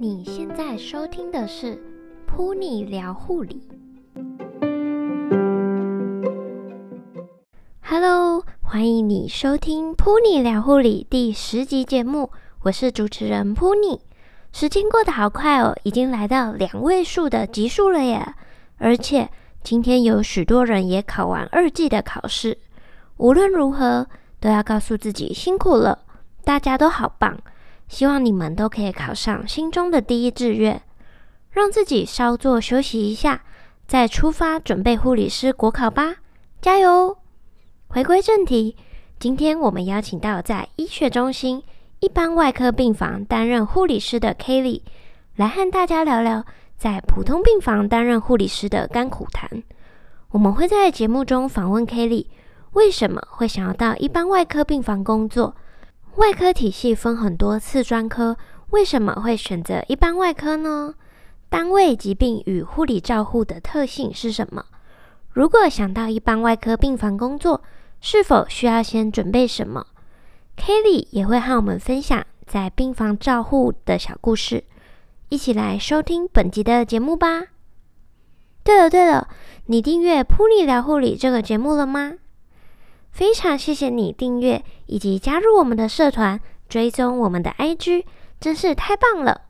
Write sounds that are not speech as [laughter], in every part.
你現在收聽的是《噗妮聊護理》。Hello，歡迎你收聽《噗妮聊護理》第十集節目，我是主持人 Puni。時間過得好快哦，已經來到兩位數的集數了耶！而且今天有許多人也考完二技的考試。無論如何。都要告訴自己辛苦了，大家都好棒，希望你們都可以考上心中的第一志願，讓自己稍作休息一下，再出發準備護理師國考吧，加油！回歸正題，今天我們邀請到在醫學中心一般外科病房擔任護理師的 Kelly，來和大家聊聊在普通病房擔任護理師的甘苦談。我們會在節目中訪問 Kelly，為什麼會想要到一般外科病房工作？外科體系分很多次專科，為什麼會選擇一般外科呢？單位疾病與護理照護的特性是什麼？如果想到一般外科病房工作，是否需要先準備什麼？Kelly 也會和我們分享在病房照護的小故事，一起來收聽本集的節目吧。對了對了，你訂閱噗妮聊護理這個節目了嗎？非常謝謝你訂閱以及加入我們的社團，追蹤我們的 IG，真是太棒了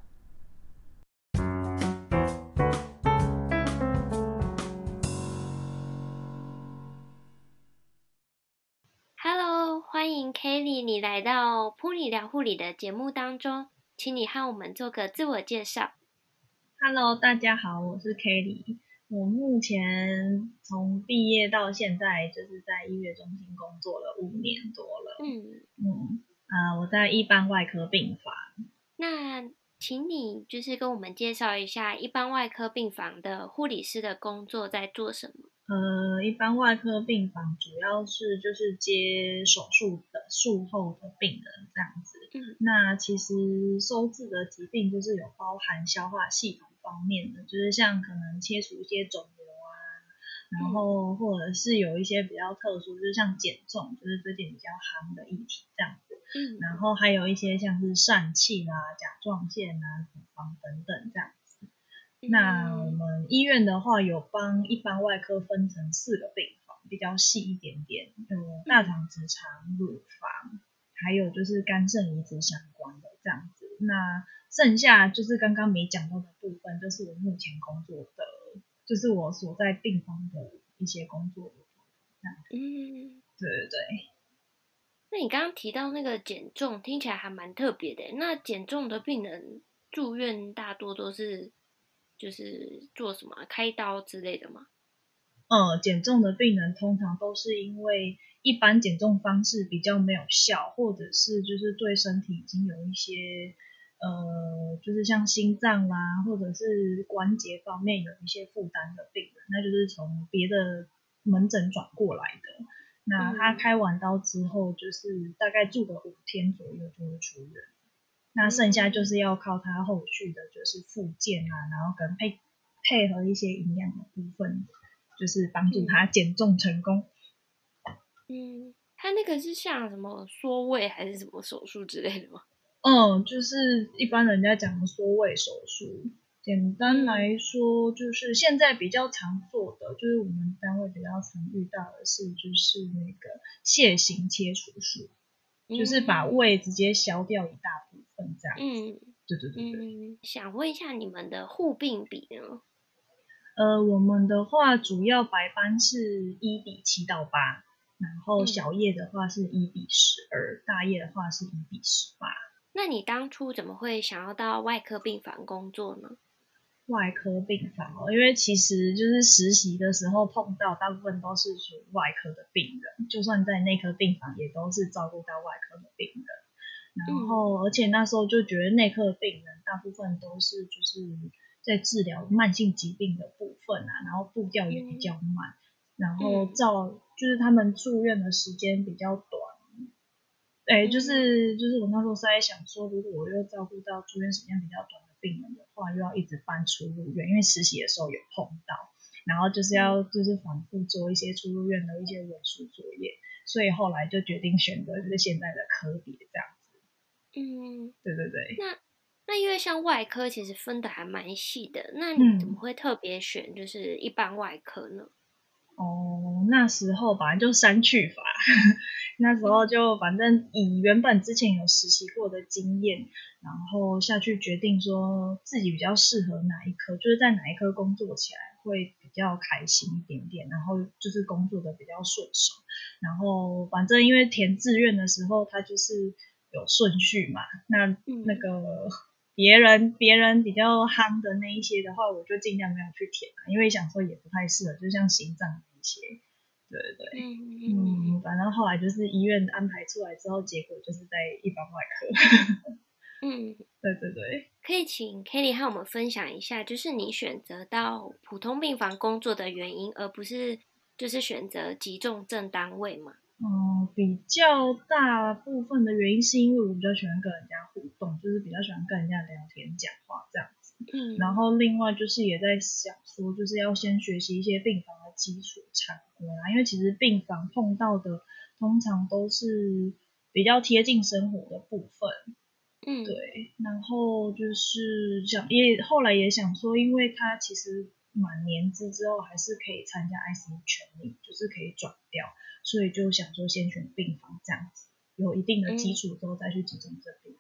！Hello，歡迎 Kelly，你來到噗妮聊護理的節目當中，請你和我們做個自我介紹。Hello，大家好，我是 Kelly。我目前從畢業到現在，就是在醫學中心工作了五年多了。嗯嗯啊、呃，我在一般外科病房。那請你就是跟我們介紹一下一般外科病房的護理師的工作在做什麼？呃，一般外科病房主要是就是接手術的術後的病人這樣子。嗯，那其實收治的疾病就是有包含消化系統。方面的就是像可能切除一些腫瘤啊，然後或者是有一些比較特殊，就是像減重，就是最近比較夯的議題這樣子。嗯。然後還有一些像是疝氣啦、啊、甲狀腺啊、乳房等等這樣子。嗯。那我們醫院的話，有幫一般外科分成四個病房，比較細一點點，有、就是、大腸、直腸、乳房，還有就是肝腎移植相關的這樣子。那剩下就是剛剛沒講到的部分，就是我目前工作的，就是我所在病房的一些工作的。的嗯，對對對。那你剛剛提到那個減重，聽起來還蠻特別的。那減重的病人住院大多都是，就是做什麼開刀之類的嗎？嗯，減重的病人通常都是因為一般減重方式比較沒有效，或者是就是對身體已經有一些。呃，就是像心臟啦、啊，或者是關節方面有一些負擔的病人，那就是從別的門診轉過來的。那他開完刀之後，就是大概住個五天左右就會出院。嗯、那剩下就是要靠他後續的就是復健啊，然後跟配配合一些營養的部分，就是幫助他減重成功。嗯，他那個是像什麼縮胃還是什麼手術之類的嗎？嗯，就是一般人家講的縮胃手術，簡單來說就是現在比較常做的，嗯、就是我們單位比較常遇到的事，就是那個蟹型切除術，嗯、就是把胃直接削掉一大部分這樣子。嗯，對，對對對。對、嗯。想問一下你們的護病比呢？呃，我們的話主要白班是一比七到八，然後小夜的話是一比十二，嗯，大夜的話是一比十八。那你當初怎麼會想要到外科病房工作呢？外科病房哦，因為其實就是實習的時候碰到大部分都是屬外科的病人，就算在內科病房也都是照顧到外科的病人。然後，而且那時候就覺得內科病人大部分都是就是在治療慢性疾病的部分啊，然後步調也比較慢，嗯、然後照就是他們住院的時間比較短。哎、欸，就是就是我那時候是在想說，如果我又照顧到住院時間比較短的病人的話，又要一直搬出入院，因為實習的時候有碰到，然後就是要就是反覆做一些出入院的一些文書作業，所以後來就決定選擇就是現在的科別這樣子。嗯，對對對。那那因為像外科其實分的還蠻細的，那你怎麼會特別選就是一般外科呢？嗯、哦，那時候反正就刪去法。 [laughs] 那時候就反正以原本之前有實習過的經驗，然後下去決定說自己比較適合哪一科，就是在哪一科工作起來會比較開心一點點，然後就是工作的比較順手。然後反正因為填志願的時候他就是有順序嘛，那那個別人別人比較夯的那一些的話，我就儘量沒有去填啊，因為想說也不太適合，就像心臟一些。對對對，嗯，反正、嗯嗯、後，後來就是醫院安排出來之後，結果就是在一般外科。 [laughs] 嗯，對對對，可以請 Kelly 和我們分享一下，就是你選擇到普通病房工作的原因，而不是就是選擇急重症單位嗎？嗯，比較大部分的原因是因為我比較喜歡跟人家互動，就是比較喜歡跟人家聊天講話這樣。嗯，然後另外就是也在想說，就是要先學習一些病房的基礎常規啊，因為其實病房碰到的通常都是比較貼近生活的部分。嗯，對。然後就是想也後來也想說，因為他其實滿年資之後還是可以參加 IC 權利，就是可以轉掉，所以就想說先選病房這樣子，有一定的基礎之後再去集中這邊。嗯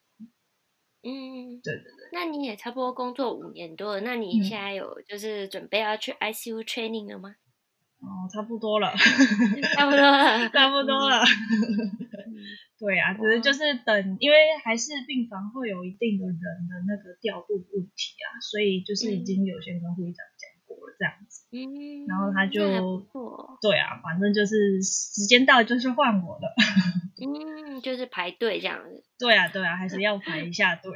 嗯，對對對。那你也差不多工作五年多了，那你現在有就是準備要去 ICU training 了嗎？哦，差不多了， [laughs] 差不多了，嗯、差不多了。嗯、 [laughs] 對啊，哇只是就是等，因為還是病房會有一定的人的那個調度問題啊，所以就是已經有先跟護士長講。嗯這樣子，嗯，然後他就，哦、對啊，反正就是時間到了就是換我的，嗯，就是排隊這樣子。對啊，對啊，還是要排一下隊。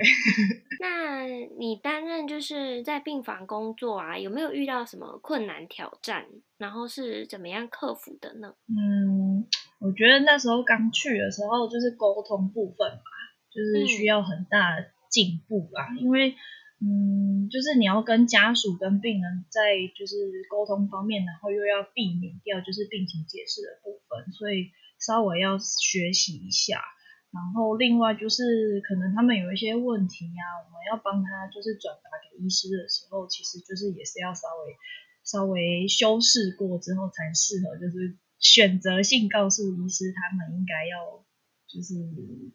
那你擔任就是在病房工作啊，有沒有遇到什麼困難挑戰？然後是怎麼樣克服的呢？嗯，我覺得那時候剛去的時候，就是溝通部分吧，就是需要很大的進步吧、啊嗯、因為。嗯，就是你要跟家屬、跟病人在就是溝通方面，然後又要避免掉就是病情解釋的部分，所以稍微要學習一下。然後另外就是可能他們有一些問題啊，我們要幫他就是轉達給醫師的時候，其實就是也是要稍微稍微修飾過之後才適合，就是選擇性告訴醫師他們應該要就是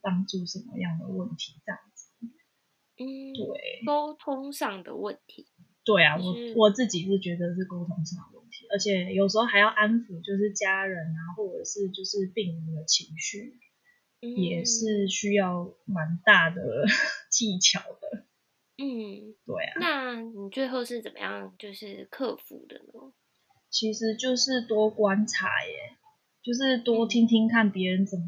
幫助什麼樣的問題這樣。嗯，對，溝通上的問題，對啊，是我我自己是覺得是溝通上的問題，而且有時候還要安撫，就是家人啊，或者是就是病人的情緒，嗯，也是需要蠻大的技巧的。嗯，對啊，那你最後是怎麼樣就是克服的呢？其實就是多觀察耶，就是多聽聽看別人怎麼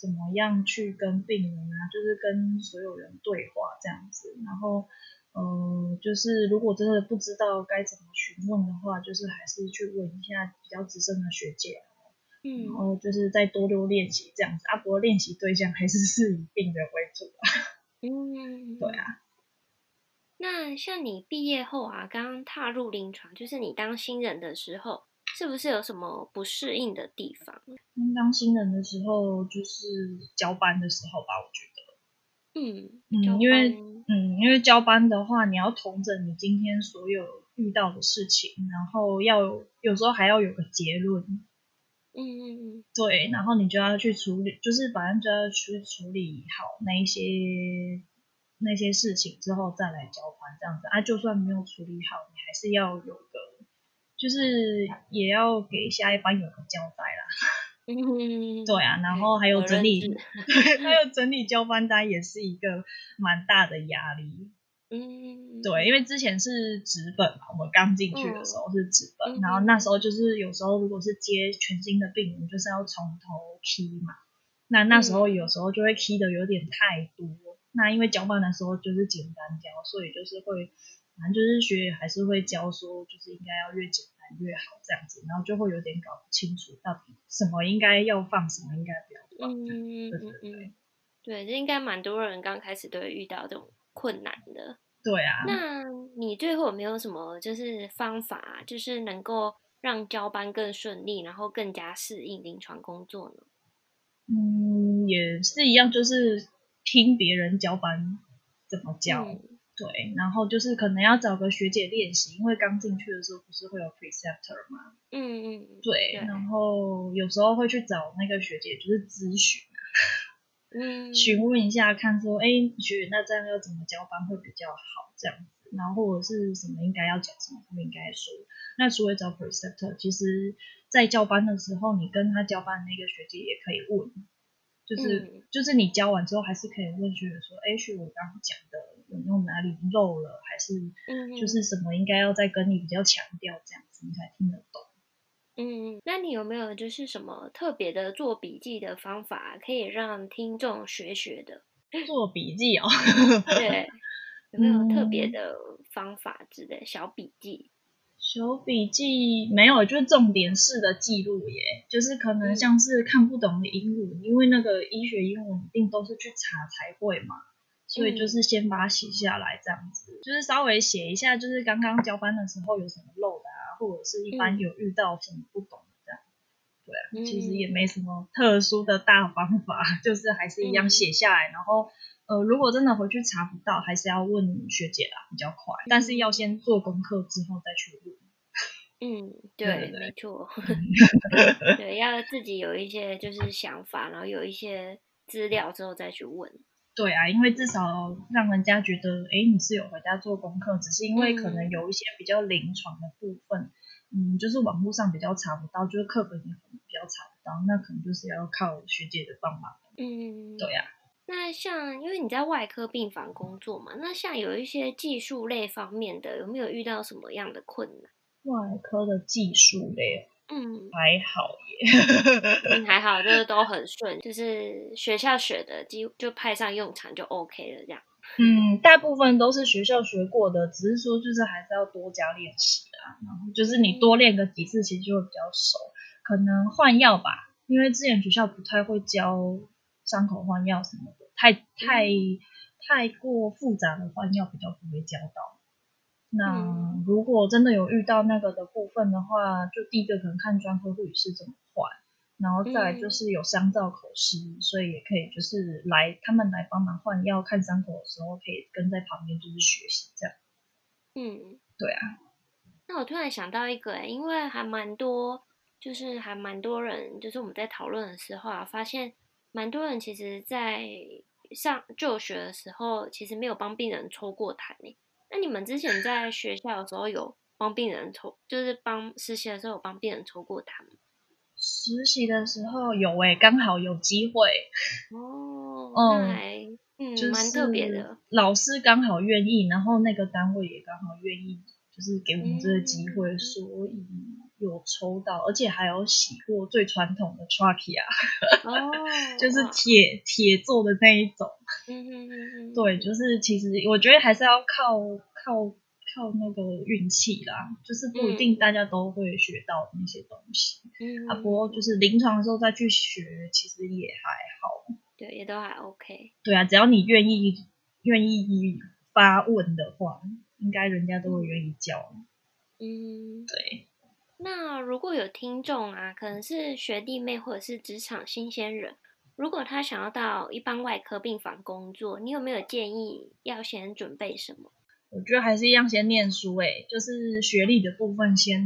怎麼樣去跟病人啊，就是跟所有人對話這樣子，然後，呃，就是如果真的不知道該怎麼詢問的話，就是還是去問一下比較資深的學姐啊，嗯，然後就是再多多練習這樣子，啊不過練習對象還是是以病人為主啊，嗯， [laughs] 對啊。那像你畢業後啊，剛剛踏入臨床，就是你當新人的時候。是不是有什麼不適應的地方？當新人的時候，就是交班的時候吧，我覺得。嗯，嗯，因為嗯，因為交班的話，你要統整你今天所有遇到的事情，然後要有時候還要有個結論。嗯嗯嗯。對，然後你就要去處理，就是反正就要去處理好那一些那一些事情之後再來交班，這樣子啊，就算沒有處理好，你還是要有個。就是也要給下一班有個交代啦，嗯、 [laughs] 對啊，然後還有整理，還有 [laughs] 整理交班單也是一個蠻大的壓力，嗯，對，因為之前是紙本嘛，我們剛進去的時候是紙本，嗯、然後那時候就是有時候如果是接全新的病人，就是要從頭 key 嘛，那那時候有時候就會 key 的有點太多，嗯、那因為交班的時候就是簡單交，所以就是會。反正就是學，還是會教，說就是應該要越簡單越好這樣子，然後就會有點搞不清楚到底什麼應該要放，什麼應該不要放。嗯對對對嗯嗯對，這應該蠻多人剛開始都會遇到這種困難的。對啊。那你最後有沒有什麼就是方法，就是能夠讓交班更順利，然後更加適應臨床工作呢？嗯，也是一樣，就是聽別人交班怎麼教。嗯對，然後就是可能要找個學姐練習，因為剛進去的時候不是會有 preceptor 嗎？嗯嗯。嗯對，對然後有時候會去找那個學姐，就是諮詢嗯，詢問一下，看說，哎，學姐，那這樣要怎麼交班會比較好？這樣子，然後或者是什麼應該要講，什麼不應該說。那除了找 preceptor，其實在交班的時候，你跟他交班的那個學姐也可以問，就是、嗯、就是你交完之後還是可以問學姐說，哎，學姐我剛剛講的。有沒有哪裡漏了，還是就是什麼應該要再跟你比較強調這樣子，嗯、哼你才聽得懂。嗯，那你有沒有就是什麼特別的做筆記的方法，可以讓聽眾學學的？做筆記哦， [laughs] 對，有沒有特別的方法之類、嗯、小筆記？小筆記沒有，就是重點式的記錄耶，就是可能像是看不懂的英文，嗯、因為那個醫學英文一定都是去查才會嘛。所以就是先把它寫下來，這樣子就是稍微寫一下，就是剛剛交班的時候有什麼漏的啊，或者是一般有遇到什麼不懂的，這樣。嗯、對，其實也沒什麼特殊的大方法，就是還是一樣寫下來，然後呃，如果真的回去查不到，還是要問學姐啦，比較快，但是要先做功課之後再去問。嗯，對，對對對沒錯錯， [laughs] 對，要自己有一些就是想法，然後有一些資料之後再去問。對啊，因為至少讓人家覺得，哎、欸，你是有回家做功課，只是因為可能有一些比較臨床的部分，嗯，嗯，就是網絡上比較查不到，就是課本也比較查不到，那可能就是要靠學姐的幫忙。嗯，對啊。那像，因為你在外科病房工作嘛，那像有一些技術類方面的，有沒有遇到什麼樣的困難？外科的技術類。嗯，還好耶， [laughs] 嗯，還好，就是都很順，就是學校學的就派上用場就 OK 了這樣。嗯，大部分都是學校學過的，只是說就是還是要多加練習啊。然後就是你多練個幾次，其實就會比較熟。嗯、可能換藥吧，因為之前學校不太會教傷口換藥什麼的，太太、嗯、太過複雜的換藥比較不會教到。那如果真的有遇到那個的部分的話，嗯、就第一個可能看專科護理師怎麼換，嗯、然後再就是有傷造口師，所以也可以就是來他們來幫忙換藥、看傷口的時候，可以跟在旁邊就是學習這樣。嗯，對啊。那我突然想到一個、欸，因為還蠻多，就是還蠻多人，就是我們在討論的時候啊，發現蠻多人其實，在上就學的時候，其實沒有幫病人抽過痰欸那你們之前在學校的時候有幫病人抽，就是幫實習的時候有幫病人抽過痰。實習的時候有誒、欸，剛好有機會哦嗯那還，嗯，就是、蠻特別的，老師剛好願意，然後那個單位也剛好願意，就是給我們這個機會，所以有抽到，嗯、而且還有洗過最傳統的 trachea 啊。 [laughs] 就是鐵哇鐵做的那一種。嗯哼哼哼， [noise] 對，就是其實我覺得還是要靠靠靠那個運氣啦，就是不一定大家都會學到那些東西。嗯、啊，不過就是臨床的時候再去學，其實也還好。對，也都還 OK。對啊，只要你願意願意發問的話，應該人家都會願意教。嗯，對。那如果有聽眾啊，可能是學弟妹或者是職場新鮮人。如果他想要到一般外科病房工作，你有沒有建議要先準備什麼？我覺得還是一樣先念書、欸，誒就是學歷的部分先，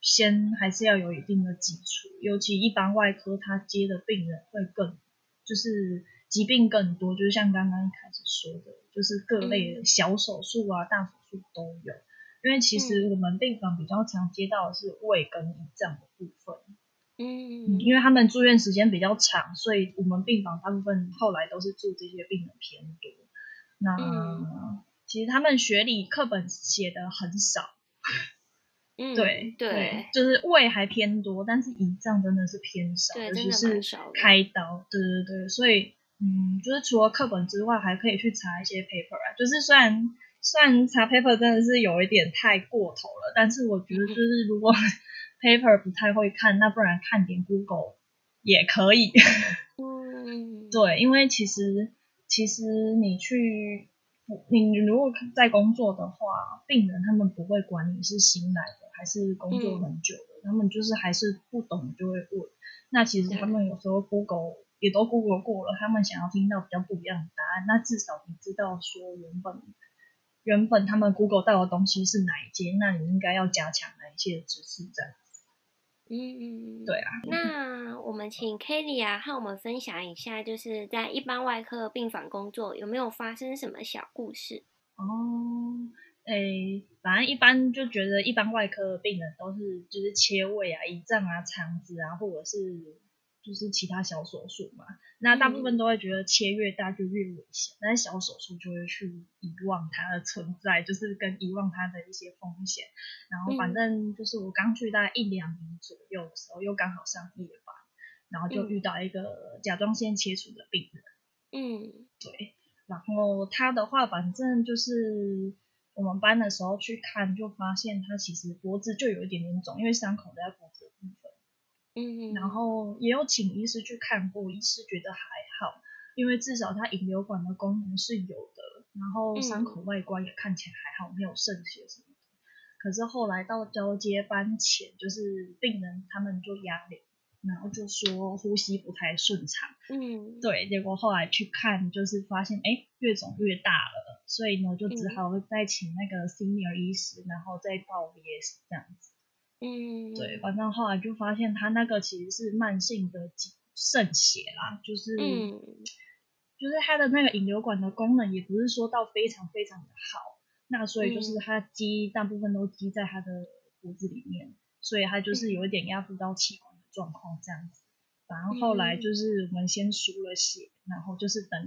先先還是要有一定的基礎。尤其一般外科他接的病人會更，就是疾病更多，就是像剛剛一開始說的，就是各類的小手術啊、嗯、大手術都有。因為其實我們病房比較常接到的是胃跟胰臟的部分。嗯，嗯嗯，因為他們住院時間比較長，所以我們病房大部分後來都是住這些病人偏多。那、嗯、其實他們學理課本寫得很少，嗯，對對，對對就是胃還偏多，但是胰臟真的是偏少，尤其對是少。開刀，對對對，所以嗯，就是除了課本之外，還可以去查一些 paper 啊。就是雖然雖然查 paper 真的是有一點太過頭了，但是我覺得就是如果。 [laughs] paper 不太會看，那不然看點 Google 也可以。 [laughs] mm hmm. 對，因為其實其實你去，你如果在工作的話，病人他們不會管你是新來的還是工作很久的，mm hmm. 他們就是還是不懂就會問。那其實他們有時候 Google 也都 Google 過了，他們想要聽到比較不一樣的答案。那至少你知道說原本原本他們 Google 到的東西是哪一件，那你應該要加強哪一些知識，這樣。嗯嗯嗯，對啊。那我們請 Kelly 啊，和我們分享一下，就是在一般外科病房工作有沒有發生什麼小故事？哦，誒，反正一般就覺得一般外科的病人都是就是切胃啊、胰臟啊、腸子啊，或者是。就是其他小手術嘛，那大部分都會覺得切越大就越危險，嗯、但是小手術就會去遺忘它的存在，就是跟遺忘它的一些風險。然後反正就是我剛去大概一兩年左右的時候，嗯、又剛好上夜班，然後就遇到一個甲狀腺切除的病人。嗯，對。然後他的話，反正就是我們班的時候去看，就發現他其實脖子就有一點點腫，因為傷口在脖子。嗯，然後也有請醫師去看過，醫師覺得還好，因為至少他引流管的功能是有的，然後傷口外觀也看起來還好，嗯、沒有滲血什麼的。可是後來到交接班前，就是病人他們就壓鈴，然後就說呼吸不太順暢。嗯，對，結果後來去看，就是發現哎越腫越大了，所以呢就只好再請那個 senior 醫師，嗯、然後再報 VS 這樣子。嗯，對，反正後來就發現他那個其實是慢性的滲血啦，就是、嗯、就是他的那個引流管的功能也不是說到非常非常的好，那所以就是他積大部分都積在他的骨子裡面，嗯、所以他就是有一點壓迫到氣管的狀況這樣子。嗯、然後後來就是我們先輸了血，然後就是等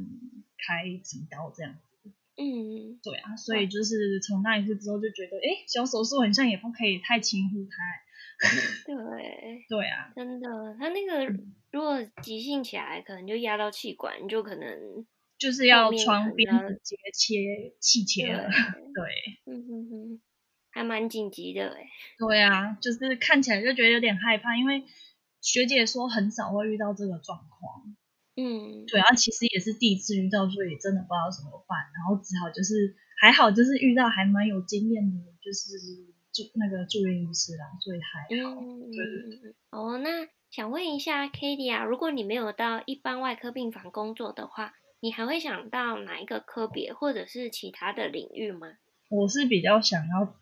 開幾刀這樣子。嗯，對啊，所以就是從那一次之後就覺得，哎哇、欸，小手術很像也不可以太輕忽它。對， [laughs] 對啊，真的，他那個如果急性起來，嗯、可能就壓到氣管，就可能就是要床邊節切氣切了。對，對嗯哼哼還蠻緊急的哎。對啊，就是看起來就覺得有點害怕，因為學姐說很少會遇到這個狀況。嗯，對啊，其實也是第一次遇到，所以真的不知道怎麼辦，然後只好就是還好，就是遇到還蠻有經驗的，就是住那個住院醫師啦，所以還好。嗯對哦，那想問一下 Kelly 啊，如果你沒有到一般外科病房工作的話，你還會想到哪一個科別或者是其他的領域嗎？我是比較想要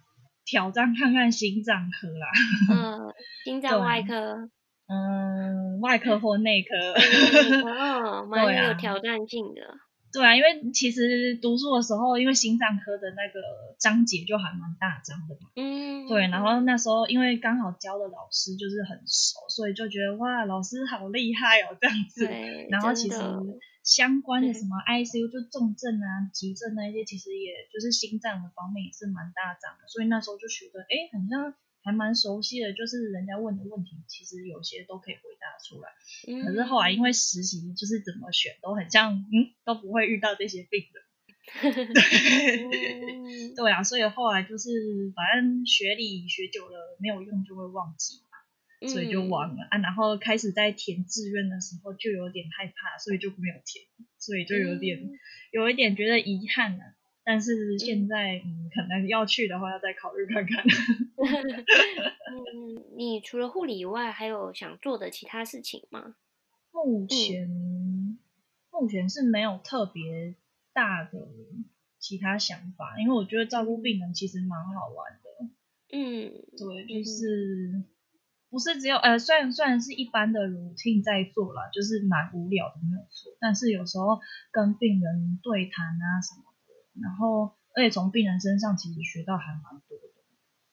挑戰看看心臟科啦。嗯、呃，心臟外科。 [laughs] 嗯，外科或內科，哦、嗯，蠻有挑戰性的 [laughs] 對、啊。對啊，因為其實讀書的時候，因為心臟科的那個章節就還蠻大章的嘛。嗯。對，然後那時候因為剛好教的老師就是很熟，所以就覺得哇，老師好厲害哦，這樣子。對。然後其實相關的什麼 ICU 對就重症啊、急症那、啊、些，其實也就是心臟的方面也是蠻大章的，所以那時候就覺得哎，好、欸、像。還蠻熟悉的，就是人家問的問題，其實有些都可以回答出來。嗯。可是後來因為實習，就是怎麼選都很像，嗯，都不會遇到這些病人。 [laughs] 嗯、 [laughs] 對啊，所以後來就是反正學理學久了沒有用，就會忘記嘛，嗯、所以就忘了啊。然後開始在填志願的時候就有點害怕，所以就沒有填，所以就有點、嗯、有一點覺得遺憾了、啊但是現在，嗯,嗯，可能要去的話，要再考慮看看。 [laughs] 嗯，你除了護理以外，還有想做的其他事情嗎？目前、嗯、目前是沒有特別大的其他想法，因為我覺得照顧病人其實蠻好玩的。嗯，對，就是、嗯、不是只有呃，雖然雖然是一般的 routine 在做啦，就是蠻無聊的，沒有錯。但是有時候跟病人對談啊什麼。然後，而且從病人身上其實學到還蠻多的。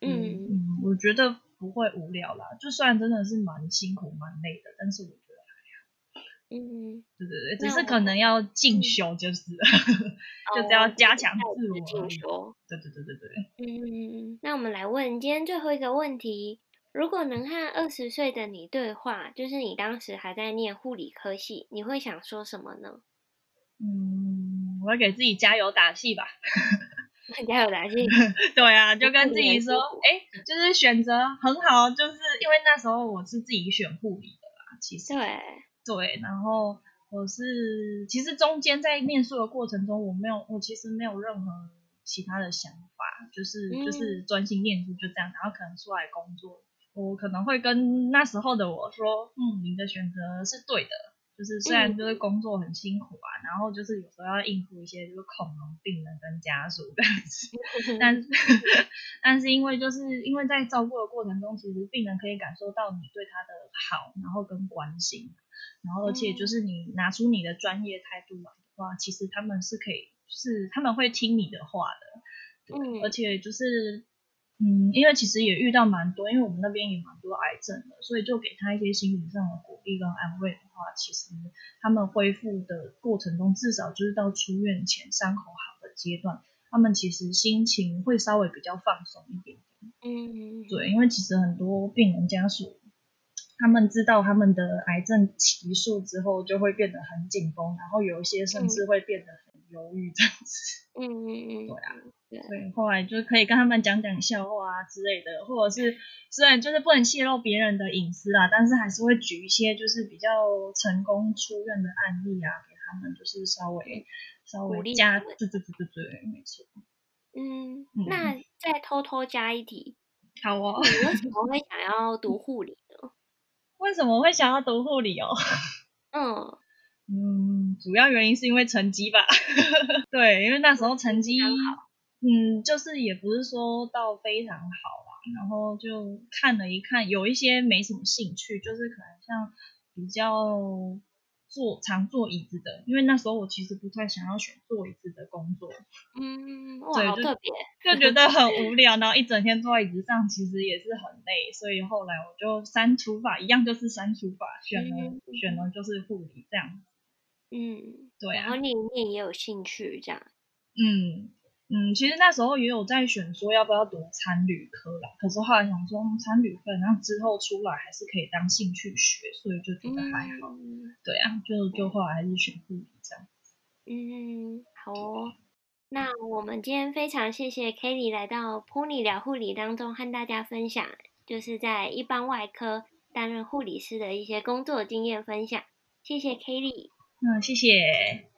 嗯嗯，我覺得不會無聊啦，就算真的是蠻辛苦、蠻累的，但是我覺得還，還。嗯，對對對，我只是可能要進修，就是，嗯、 [laughs] 就是要加強自我。哦、對，對對對對對。嗯嗯。對那我們來問今天最後一個問題：如果能和二十歲的你對話，就是你當時還在念護理科系，你會想說什麼呢？嗯。我會給自己加油打氣吧，加油打氣。 [laughs] 對啊，就跟自己說，哎、欸，就是選擇很好，就是因為那時候我是自己選護理的啦，其實。對。對，然後我是其實中間在念書的過程中，我沒有，我其實沒有任何其他的想法，就是、嗯、就是專心念書就這樣，然後可能出來工作，我可能會跟那時候的我說，嗯，你的選擇是對的。就是雖然就是工作很辛苦啊，嗯、然後就是有時候要應付一些就是恐龍病人跟家屬這樣子，但是、嗯、但是因為就是因為在照顧的過程中，其實病人可以感受到你對他的好，然後跟關心，然後而且就是你拿出你的專業態度來的話，嗯、其實他們是可以，是他們會聽你的話的，對。嗯、而且就是。嗯，因為其實也遇到蠻多，因為我們那邊也蠻多癌症的，所以就給他一些心理上的鼓勵跟安慰的話，其實他們恢復的過程中，至少就是到出院前傷口好的階段，他們其實心情會稍微比較放鬆一點點。嗯，對，因為其實很多病人家屬，他們知道他們的癌症期數之後，就會變得很緊繃，然後有一些甚至會變得很憂鬱、嗯、這樣子。嗯，對啊。對，後來就可以跟他們講講笑話啊之類的，或者是雖然就是不能泄露別人的隱私啊，但是還是會舉一些就是比較成功出院的案例啊，給他們就是稍微稍微加，對對對對對，沒錯。嗯，嗯，那再偷偷加一題，好啊、哦。為什麼會想要讀護理呢？為什麼會想要讀護理哦？嗯嗯，主要原因是因為成績吧。 [laughs] 對，因為那時候成績。好、嗯。嗯嗯嗯嗯嗯，就是也不是說到非常好啦，然後就看了一看，有一些沒什麼興趣，就是可能像比較坐常坐椅子的，因為那時候我其實不太想要選坐椅子的工作。嗯，哇，好特別，就覺得很無聊，然後一整天坐在椅子上，其實也是很累，所以後來我就刪除法一樣，就是刪除法，選了、嗯、選了就是護理這樣。嗯，對啊。然後你一定也有興趣這樣。嗯。嗯，其實那時候也有在選，說要不要讀餐旅科啦，可是後來想說餐旅份，然後之後出來還是可以當興趣學，所以就覺得還好。嗯、對啊，就就後來還是選護理這樣。嗯，好哦。對那我們今天非常謝謝 Kelly 來到噗妮聊護理當中，和大家分享就是在一般外科擔任護理師的一些工作經驗分享。謝謝 Kelly。嗯，謝謝。